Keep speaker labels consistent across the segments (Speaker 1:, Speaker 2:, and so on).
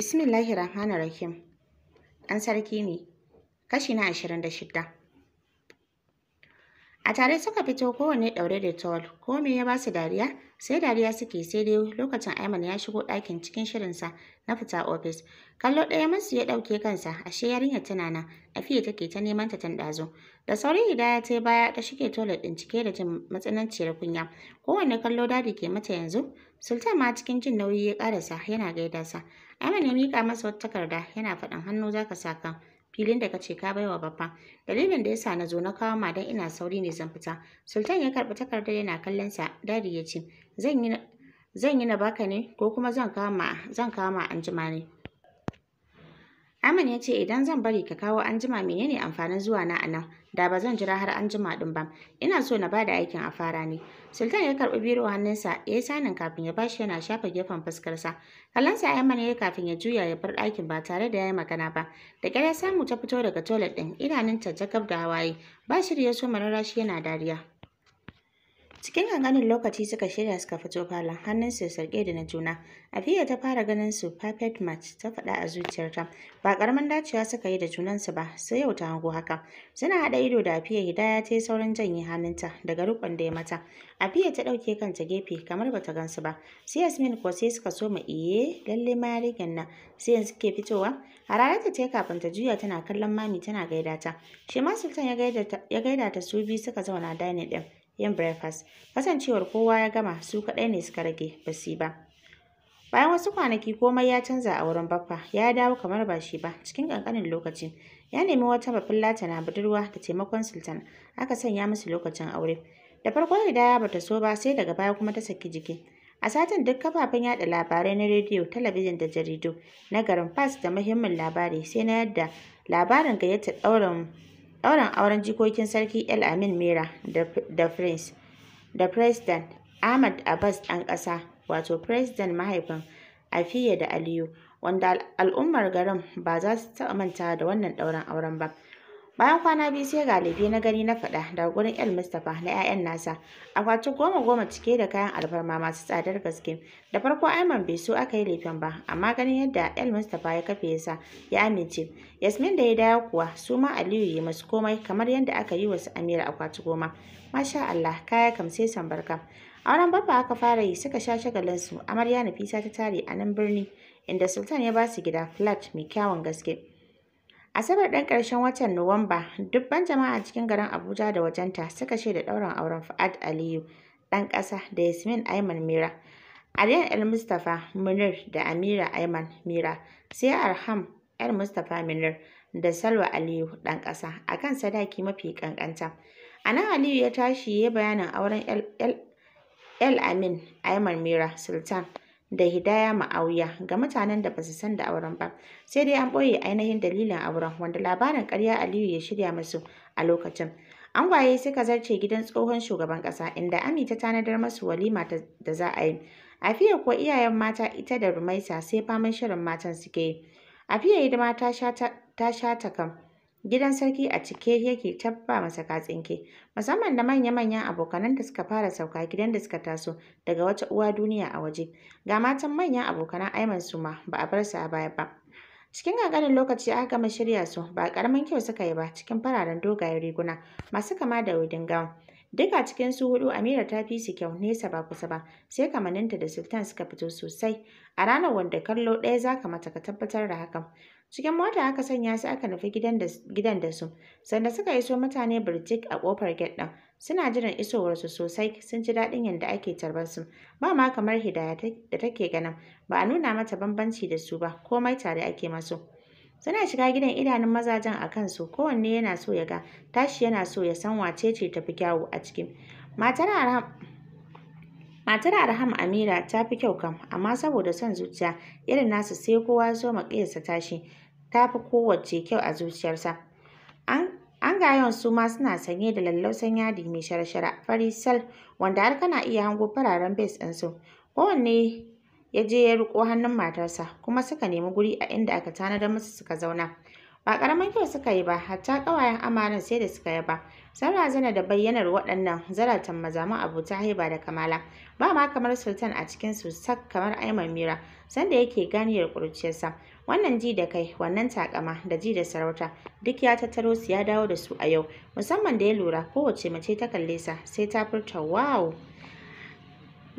Speaker 1: Bismillahir Rahmanir Rahim. dan sarki ne. Kashi na ashirin da shidda. A tare suka fito kowanne ɗaure da towel, ko me ya ba su dariya? Sai dariya suke sai dai lokacin Aiman ya shigo ɗakin cikin shirinsa na fita ofis. Kallo ɗaya masu ya ɗauke kansa, ashe yarinyar tana nan, fiye take ta neman ta ɗazu. Da saurin ya ta baya ta shige toilet ɗin cike da jin matsananciyar kunya. Kowanne kallo dadi ke mata yanzu, Sultan ma cikin jin nauyi ya karasa yana gaida sa. Aiman ya mika masa wata takarda yana faɗin hannu zaka sa kan filin da kace ka baiwa babba. Dalilin da yasa na zo na kawo ma dan ina sauri ne zan fita. Sultan ya karɓi takardar yana kallon sa. Dadi ya ce zan yi zan yi na baka ne ko kuma zan kama zan kama anjima ne. Aman ya ce idan zan bari ka kawo anjima menene amfanin zuwa na anan da ba zan jira har anjima din ba ina so na bada aikin a fara ne Sultan ya karbi biro hannunsa ya yi sanin kafin ya bashi yana shafa gefen fuskarsa kalansa Aman ya kafin ya juya ya bar ɗakin ba tare da ya yi magana ba da ƙyar ya samu ta fito daga toilet ɗin idanunta jakab da hawaye ba ya so mararashi yana dariya Cikin hanganin lokaci suka shirya suka fito falon hannunsu sarƙe da na juna. Afiya ta fara ganin su perfect match ta faɗa a zuciyarta. Ba ƙaramin dacewa suka yi da junansu ba, sai yau ta hango haka. Suna haɗa ido da Afiya Hidaya ta yi saurin janye hannunta daga rukun da ya mata. Afiya ta ɗauke kanta gefe kamar ba bata gansu ba. Sai Yasmin kuwa sai suka so ma iye lalle ma yarinyar nan sai yanzu ke fitowa. Hararata ta yi kafin ta juya tana kallon mami tana gaida ta. Shi Sultan ya gaida ta su biyu suka zauna dining ɗin. yin breakfast. Kasancewar kowa ya gama su kaɗai ne suka rage ba su ba. Bayan wasu kwanaki komai ya canza a wurin Baffa, ya dawo kamar ba shi ba cikin ƙanƙanin lokaci. Ya nemi wata na budurwa da taimakon Sultan, aka sanya musu lokacin aure. Da farko Hidaya ba ta so ba sai daga baya kuma ta saki jiki. A satin duk kafafen yaɗa labarai na rediyo, talabijin da jaridu na garin Fas da muhimmin labari sai na yadda labarin gayyatar ɗaurin Ɗaurin auren jikokin Sarki El Amin Mera da Prince da President ahmad Abbas ɗan ƙasa wato President mahaifin Afiya da Aliyu, wanda al'ummar garin ba za su taɓa da wannan ɗaurin auren ba. Bayan kwana biyu sai ga lefe na gani na faɗa daga gurin El Mustapha na 'ya'yan nasa. Akwati goma goma cike da kayan alfarma masu tsadar gaske. Da farko Aiman bai so aka yi lefen ba, amma ganin yadda El Mustapha ya kafe yasa ya amince. Yasmin da ya dawo kuwa su ma Aliyu ya masu komai kamar yadda aka yi wasu Amira akwati goma. Masha Allah kaya kam sai sambarka. A wurin babba aka fara yi suka sha shagalinsu, amarya Nafisa ta tare a nan birni, inda Sultan ya ba su gida flat mai kyawun gaske. Asabar ɗan ƙarshen watan Nuwamba, dubban jama'a cikin garin Abuja da wajenta suka da ɗaurin auren fa'ad Aliyu ɗan ƙasa da Yasmin Ayman Mira, Aliyan El Mustapha Munir da Amira Ayman Mira, sai Arham El Mustapha Munir da Salwa Aliyu ɗan ƙasa a kan sadaki mafi ƙanƙanta. A nan Aliyu ya tashi ya bayanin auren El Amin Ayman Mira Sultan. da Hidaya Ma'auya ga mutanen da ba su san da auren ba, sai dai an ɓoye ainihin dalilin auren wanda labarin ƙarya Aliyu ya shirya musu a lokacin. Angwaye suka zarce gidan tsohon shugaban ƙasa inda Ami ta tanadar masu walima da za a yi. A fiye ko iyayen mata ita da Rumaisa sai faman shirin matan suke yi. Afiya ita ma ta sha ta kam. Gidan sarki a cike yake tabba masa katsinke, musamman da manya-manyan abokanan da suka fara sauka gidan da suka taso daga wata uwa duniya a waje. Ga matan manyan abokanan Aiman su ma ba a bar su a baya ba. Cikin ƙanƙanin lokaci aka gama shirya su ba ƙaramin kyau suka yi ba cikin fararen dogayen riguna masu kama da wedding gown. Duka cikin su hudu Amira ta fi su kyau nesa ba kusa ba, sai kamaninta da Sultan suka fito sosai. A ranar wanda kallo ɗaya za ka mata ka tabbatar da hakan. Cikin mota aka sanya su aka nufi gidan da su, sanda suka iso mutane birtik a ƙofar gate ɗin. Suna jiran isowarsu sosai, sun ji daɗin yadda ake tarbar su. Ba ma kamar Hidaya da take ganin, ba a nuna mata bambanci da su ba, komai tare ake masu. Suna shiga gidan idanun mazajen a kansu, kowanne yana so ya ga, tashi yana so ya san wace ce ta fi kyawu a ciki. Matar Matar Arham Amira ta fi kyau kam, amma saboda son zuciya irin nasu sai kowa ya ma maƙiyarsa tashi, ta fi kowacce kyau a zuciyarsa. An yawan su ma suna sanye da lallausan yadi mai sharashara. shara fari sal wanda har kana iya hango fararen bes ɗinsu. Kowanne ya je ya riko hannun matarsa kuma suka nemi guri a inda aka tanadar musu suka zauna ba karamin kyau suka yi ba hatta ƙawayen amaran sai da suka yaba sun razana da bayyanar waɗannan zaratan abu abota haiba da kamala ba ma kamar sultan a cikin su sak kamar aiman mira sanda yake ganiyar ƙuruciyarsa wannan ji da kai wannan takama da ji da sarauta duk ya tattaro su ya dawo da su a yau musamman da ya lura kowace mace ta kalle sa sai ta furta wow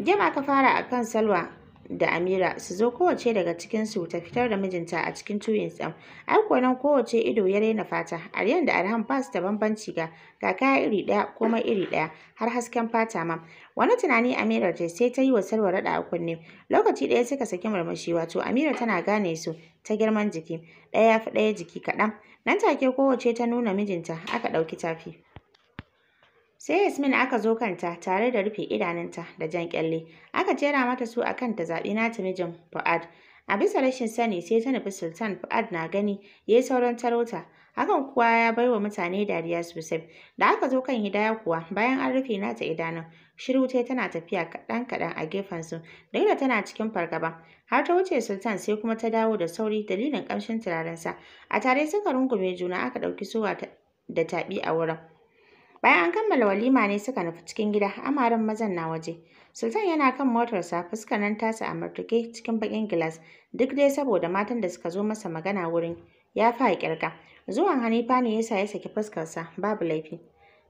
Speaker 1: Jam ka fara a kan Salwa da Amira su zo kowace daga cikinsu ta fitar da mijinta a cikin tuyin ɗin. Ai nan kowace ido ya raina fata, Aryan da arham ba su da bambanci ga ga kaya iri ɗaya kuma iri ɗaya har hasken fata ma. Wani tunani Amira ta sai ta yi wa Salwa raɗa a kunne. Lokaci ɗaya suka saki murmushi wato Amira tana gane su ta girman jiki, ɗaya ya fi ɗaya jiki kaɗan. Nan take kowace ta nuna mijinta aka ɗauki tafi. Sai Yasmin aka zo kanta tare da rufe idanunta da jan kyalle. Aka jera mata su a kanta zaɓi na ta mijin Fu'ad. A bisa rashin sani sai ta nufi Sultan Fu'ad na gani ya yi sauran tarauta. Hakan kuwa ya bai wa mutane dariya sosai. Da aka zo kan Hidaya kuwa bayan an rufe nata idanun, shiru ta tana tafiya kaɗan kaɗan a gefensu duk da tana cikin fargaba. Har ta wuce Sultan sai kuma ta dawo da sauri dalilin ƙamshin turarensa. A tare suka rungume juna aka ɗauki suwa da taɓi a wurin. Bayan an kammala walima ne suka nufi cikin gida, amarin mazan na waje. Sultan yana kan motarsa, fuskar nan tasa a martuke cikin bakin gilas, duk dai saboda matan da suka zo masa magana wurin ya fa kirga. Zuwan Hanifa ne yasa ya saki fuskarsa, babu laifi.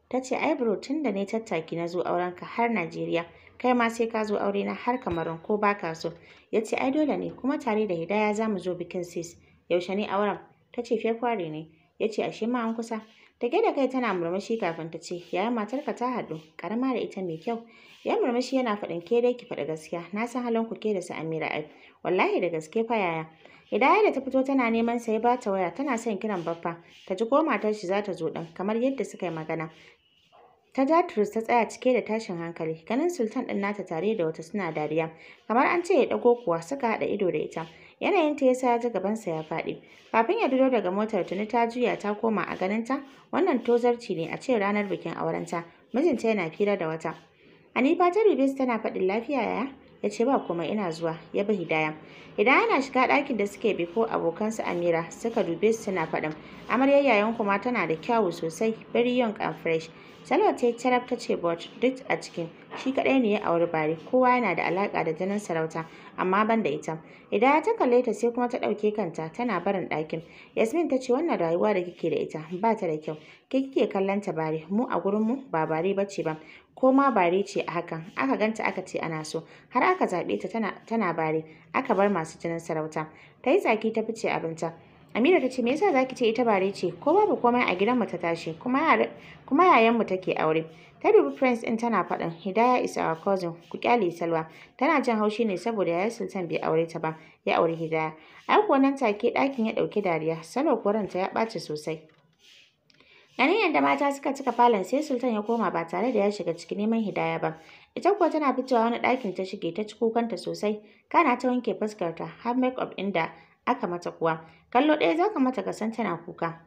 Speaker 1: Ta ce, ai bro, tun da ne tattaki na zo aurenka har Najeriya, kai ma sai ka zo aure na har Kamarun ko baka so. Ya ce, ai dole ne, kuma tare da Hidaya za mu zo bikin sis. Yaushe ne auren? Ta ce, February ne. Ya ce, ashe ma an kusa. ta da kai tana murmushi kafin ta ce, yaya matarka ta haɗu, ƙarama da ita mai kyau. Ya murmushi yana faɗin ke dai ki faɗi gaskiya, na san halin ku ke da su Amira ai, wallahi da gaske fa yaya. Hidaya da ta fito tana neman sai ba ta waya tana son kiran baffa ta ji ko matar shi za ta zo ɗin kamar yadda suka yi magana Ta ja ta tsaya cike da tashin hankali, ganin sultan ɗin nata tare da wata suna dariya, kamar an ce ya ɗago kuwa suka haɗa ido da ita. Yanayinta ya sa ya ji gabansa ya faɗi. Kafin ya dudo daga motar tuni ta juya ta koma a ganinta, wannan tozarci ne a ce ranar bikin aurenta, mijinta yana fira da wata. Hanifa ta dube su tana faɗin lafiya ya? ya ce ba komai ina zuwa ya bi hidaya Idan na shiga ɗakin da suke bi ko abokansu amira suka dube su suna faɗin amaryar yayan kuma tana da kyawu sosai very young and fresh salwa ta yi carab ta ce bot duk a cikin shi kaɗai ne ya auri bari kowa yana da alaƙa da jinin sarauta amma ban da ita hidaya ta kalle ta sai kuma ta ɗauke kanta tana barin ɗakin yasmin ta ce wannan rayuwa da kike da ita ba ta da kyau ke kike kallon ta bari mu a mu ba bare bace ba ko ma bare ce a hakan aka ganta aka ce ana so har aka zaɓe ta tana, bare aka bar masu jinin sarauta ta yi tsaki ta fice abinta Amira ta ce me yasa zaki ce ita bare ce ko babu komai a gidanmu ta tashi kuma yayanmu yayan mu take aure ta dubi prince din tana faɗin Hidaya is our cousin ku kyale Salwa tana jin haushi ne saboda yayan Sultan bai aure ta ba ya aure Hidaya ai kuwa nan take ɗakin ya ɗauki dariya Salwa kuwa ta ya ɓace sosai Ganin yadda mata suka cika falon sai Sultan ya koma ba tare da ya shiga ciki neman hidaya ba. Ita kuwa tana fitowa wani ɗakin ta shige ta ci kukanta sosai, kana ta wanke ta, har make-up inda aka mata kuwa. Kallo ɗaya za ka mata ka san tana kuka.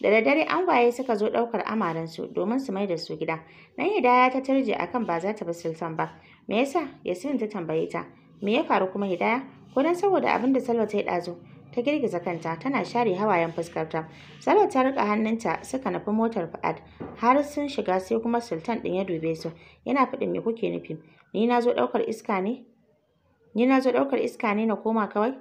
Speaker 1: Da daddare angwaye suka zo ɗaukar su domin su mai da su gida. Nan Hidaya ta tarje akan ba za ta bi Sultan ba. Me yasa? Yasin ta tambaye ta. Me ya faru kuma Hidaya? Ko dan saboda abin da Salwa ta yi ɗazu. ta girgiza kanta tana share hawayen fuskarta. Salat ta rika hannunta suka nufi motar Fa'ad har sun shiga sai kuma Sultan din ya dube su yana faɗin me kuke nufi ni na zo ɗaukar iska ne ni na zo ɗaukar iska ne na koma kawai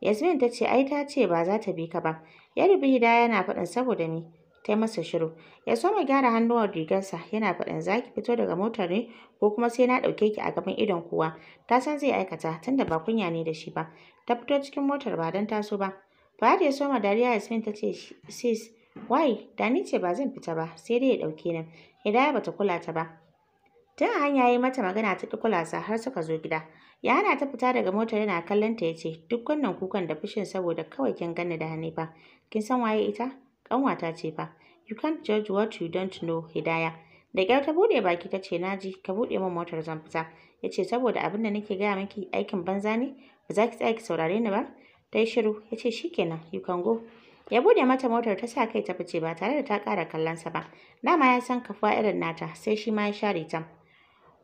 Speaker 1: Yasmin ta ce ai ta ce ba za ta bi ka ba ya rubi Hidaya yana faɗin saboda ni ta masa shiru. Ya so mai gyara hannuwan rigarsa yana faɗin za ki fito daga motar ne ko kuma sai na ɗauke ki a gaban idon kowa. Ta san zai aikata tunda ba kunya ne da shi ba. Ta fito cikin motar ba don taso ba. Fahad ya soma dariya Yasmin ta ce sis wai da ni ce ba zan fita ba sai dai ya ɗauke nan. Hidaya bata kula ta ba. Tun a hanya yi mata magana ta ƙi kulasa har suka zo gida. Ya hana ta fita daga motar yana kallon ta ya ce duk wannan kukan da fushin saboda kawai kin ganni da hannu ba. Kin san waye ita? Ƙanwata ce fa. You can't judge what you don't know, Hidaya. Da ƙyar ta buɗe baki ta ce, na ji, ka buɗe min motar zan fita. Ya ce, saboda abin da nake gaya miki aikin banza ne, ba za ki tsaya ki saurare ni ba? Ta yi shiru, ya ce, shi kenan, you can go. Ya buɗe mata motar ta sa kai ta fice ba tare da ta ƙara kallonsa ba. Dama ya san kafuwa irin nata, sai shi ma ya share ta.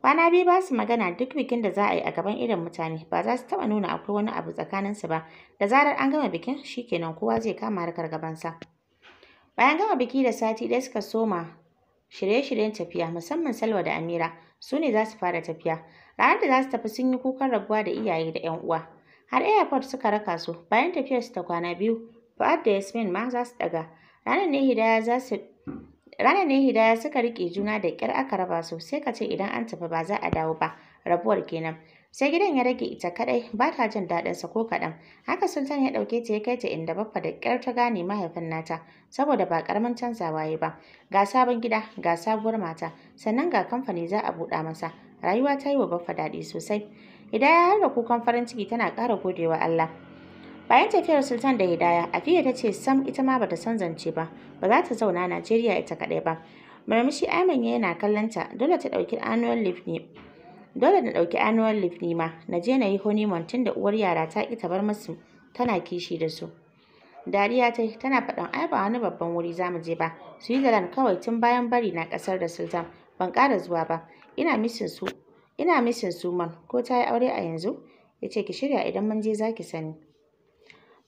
Speaker 1: Kwana biyu ba su magana duk bikin da za a yi a gaban irin mutane ba za su taɓa nuna akwai wani abu tsakaninsu ba. Da zarar an gama bikin shi kenan kowa zai kama harkar gabansa. Bayan gama biki da sati ɗaya suka soma shirye-shiryen tafiya musamman Salwa da Amira su ne za su fara tafiya. Ranar da za su tafi sun yi kukan rabuwa da iyaye da 'yan uwa. Har airport suka raka su bayan tafiyar su ta kwana biyu Fuad da Yasmin ma za su daga. Ranar ne Hidaya za su suka riƙe juna da ƙyar aka raba su sai ka ce idan an tafi ba za a dawo ba rabuwar kenan. sai gidan ya rage ita kadai ba ta jin daɗinsa ko kaɗan haka sultan ya ɗauke ta ya kai ta inda baffa da kyar ta gane mahaifin nata saboda ba ƙaramin canza waye ba ga sabon gida ga sabuwar mata sannan ga kamfani za a buɗa masa rayuwa ta yi wa baffa daɗi sosai hidaya har da kukan farin ciki tana ƙara godewa Allah bayan tafiyar sultan da hidaya afiya ta ce sam ita ma bata san zance ba ba za ta zauna Najeriya ita kadai ba murmushi Aiman yana kallon ta dole ta ɗauki annual leave ne Dole na ɗauki annual leave nima na je na yi honeymoon tunda uwar yara ta ƙi ta bar musu tana kishi da su. Dariya ta tana faɗin ai ba wani babban wuri za mu je ba. Switzerland kawai tun bayan bari na ƙasar da Sultan ban ƙara zuwa ba. Ina misin su ina su man ko ta yi aure a yanzu? Ya ce ki shirya idan mun je za ki sani.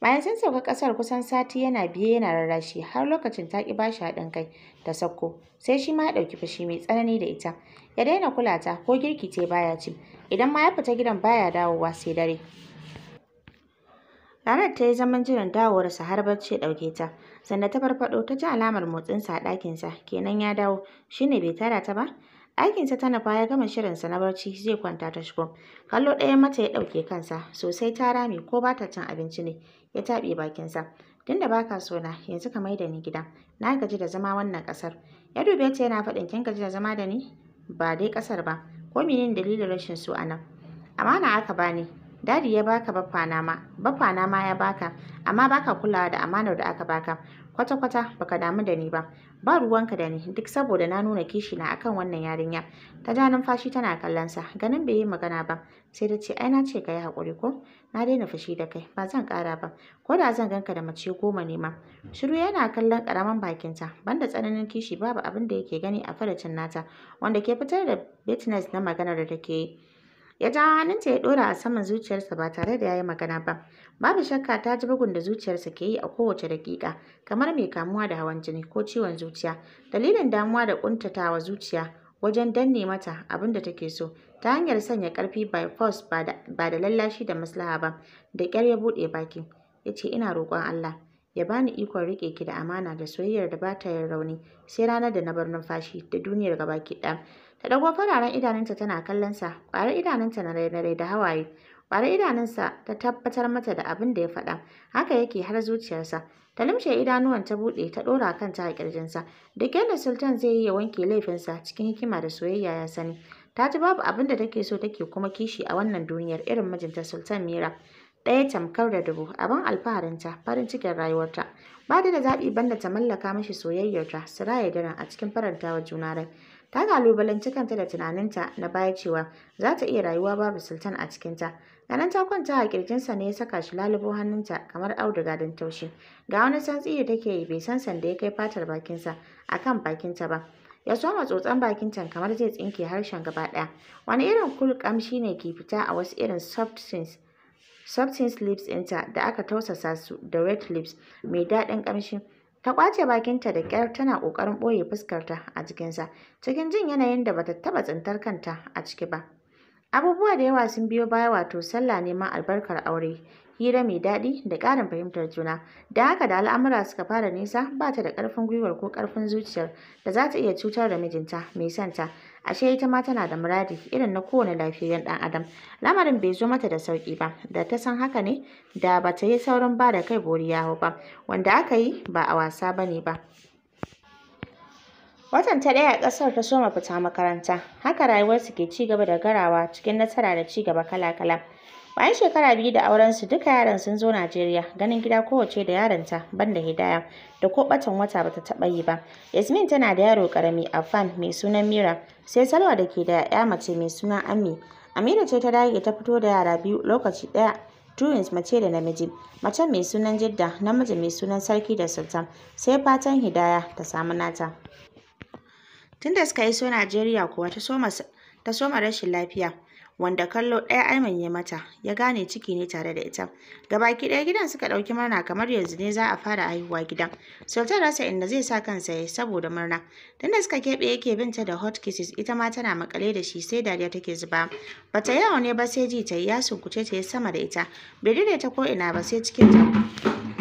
Speaker 1: Bayan sun sauka ƙasar kusan sati yana biye yana rarrashi har lokacin ta ƙi bashi haɗin kai ta sakko sai shi ma ya ɗauki fushi mai tsanani da ita. Ya daina kula ta ko girki ce baya ci idan ma ya fita gidan baya dawowa sai dare. Ranar ta yi zaman jiran dawowarsa har barci ɗauke ta. sannan ta farfaɗo ta ji alamar motsinsa a ɗakinsa kenan ya dawo shi ne bai tara ta ba. Aikinsa ta baya ya gama shirinsa na barci zai kwanta ta shigo. Kallo ɗaya mata ya ɗauke kansa sosai ta rame ko ba ta cin abinci ne ya taɓe bakinsa. Tunda ba ka so na yanzu ka maida ni gida na gaji da zama wannan ƙasar. Ya dube ta yana faɗin kin gaji da zama da ni ba dai ƙasar ba ko menene dalilin rashin so a nan. Amana aka bani dadi ya baka baffa na ma baffa na ma ya baka amma baka kulawa da amanar da aka baka kwata-kwata baka damu da ni ba ba ruwanka da ni duk saboda na nuna kishi na akan wannan yarinya ta ja numfashi tana kallon sa ganin bai yi magana ba sai ta ce ai na ce kai hakuri ko na daina fushi da kai ba zan kara ba ko da zan ganka da mace goma ne ma shiru yana kallon karaman bakin ta banda tsananin kishi babu abin da yake gani a faracin nata wanda ke fitar da business na maganar da take yi ya ja hannunta ya ɗora a saman zuciyarsa ba tare da ya yi magana ba babu shakka ta ji bugun da zuciyarsa ke yi a kowace daƙiƙa kamar mai kamuwa da hawan jini ko ciwon zuciya dalilin damuwa da ƙuntatawa zuciya wajen danne mata abin da take so ta hanyar sanya ƙarfi by force ba da lallashi da maslaha ba da ƙyar ya buɗe baki ya ce ina roƙon Allah ya bani ikon riƙe ki da amana da soyayyar da ba ta yin rauni sai ranar da na bar numfashi da duniyar gabaki ɗaya ta dago fararen idanunta tana kallonsa ƙwarar idanunta na rai da hawaye ƙwarar idanunsa ta tabbatar mata da abin da ya faɗa haka yake har zuciyarsa ta limshe idanuwan ta buɗe ta ɗora kanta a ƙirjinsa duk yadda sultan zai yi ya wanke laifinsa cikin hikima da soyayya ya sani ta ji babu abin da take so take kuma kishi a wannan duniyar irin mijinta sultan mira ɗaya tamkar da dubu abin alfaharinta farin cikin rayuwarta ba da zaɓi banda ta mallaka mashi soyayyarta su raya daren a cikin farantawa juna rai ta kalubalanci kanta da tunaninta na baya cewa za ta iya rayuwa babu sultan a cikinta ganin ta kwanta a ƙirjinsa ne ya saka shi lalubo hannunta kamar auduga don taushi ga wani santsi da take yi bai san sanda ya kai fatar bakinsa a kan bakinta ba ya soma tsotson bakinta kamar zai tsinke harshen gaba ɗaya wani irin kul kamshi ne ke fita a wasu irin soft things soft lips inta da aka tausasa su da red lips mai daɗin ƙamshi? Ta kwace bakinta da ƙyar mm. tana ƙoƙarin ɓoye fuskarta a jikinsa, cikin jin yanayin da bata taɓa tsintar kanta a ciki ba. Abubuwa da yawa sun biyo baya wato sallah neman albarkar aure, hira mai daɗi da ƙarin fahimtar juna. Da haka da al'amura suka fara nisa ba ta da ƙarfin gwiwar ko ƙarfin zuciyar da za ta iya cutar da mijinta mai santa ashe ita ma tana da muradi irin na kowane lafiyayyen ɗan adam lamarin bai zo mata da sauƙi ba da ta san haka ne da ba ta yi saurin ba da kai bori hau ba wanda aka yi ba a wasa ba ne ba Watan ta ɗaya ƙasar ta soma fita makaranta, haka rayuwarsu ke ci gaba da garawa cikin nasara da ci gaba kala-kala. Bayan shekara biyu da auren su duka yaran sun zo Najeriya ganin gida kowace da yaranta banda Hidaya da ko batan wata bata taɓa yi ba. Yasmin tana da yaro ƙarami Afan mai sunan Mira sai Salwa da ke da ya mace mai suna Ami. Amira ce ta dage ta fito da yara biyu lokaci ɗaya twins mace da namiji macen mai sunan Jidda namiji mai sunan Sarki da Sultan sai fatan Hidaya ta samu nata. Tunda suka iso Najeriya kuwa ta soma rashin lafiya wanda kallo ɗaya Aiman ya mata ya gane ciki ne tare da ita. Gabaki ɗaya gidan suka ɗauki murna kamar yanzu ne za a fara haihuwa gidan. Sultan rasa inda zai sa kansa ya saboda murna. Tunda suka keɓe yake binta da hot kisses ita ma tana makale da shi sai dariya take zuba. Bata yawo ne ba sai ji ta ya sunkuce ta yi sama da ita. Bai daidaita ko ina ba sai cikin ta.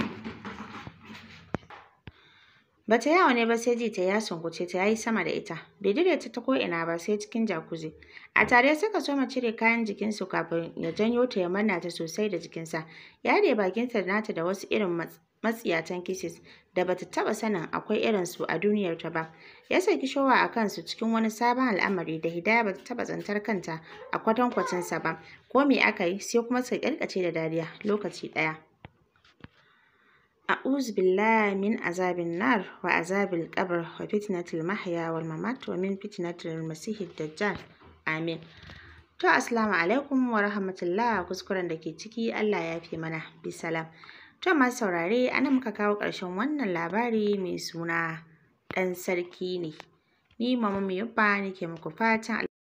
Speaker 1: Ba ta yawa ne ba sai ji ta ya sunkuce ta yi sama da ita. Bai dire ta ta ko ina ba sai cikin jakuzi. A tare suka so mu cire kayan jikinsu kafin ya janyo ta ya manna ta sosai da jikinsa. Ya bakin bakinta da nata da wasu irin matsiyatan kisses da bata taɓa sanin akwai irin su a duniyarta ba. Ya saki showa a kansu cikin wani sabon al'amari da Hidaya bata taba tsantar kanta a kwatankwacinsa ba. Ko me aka yi sai kuma suka kirkace da dariya lokaci ɗaya. أعوذ بالله من عذاب النار وعذاب القبر وفتنة المحيا والممات ومن فتنة المسيح الدجال آمين To assalamu alaikum wa rahmatullah kuskuren da ke ciki Allah ya fi mana salam. To masu saurare ana muka kawo ƙarshen wannan labari mai suna ɗan sarki ne. Ni mama Miyubba nake muku fatan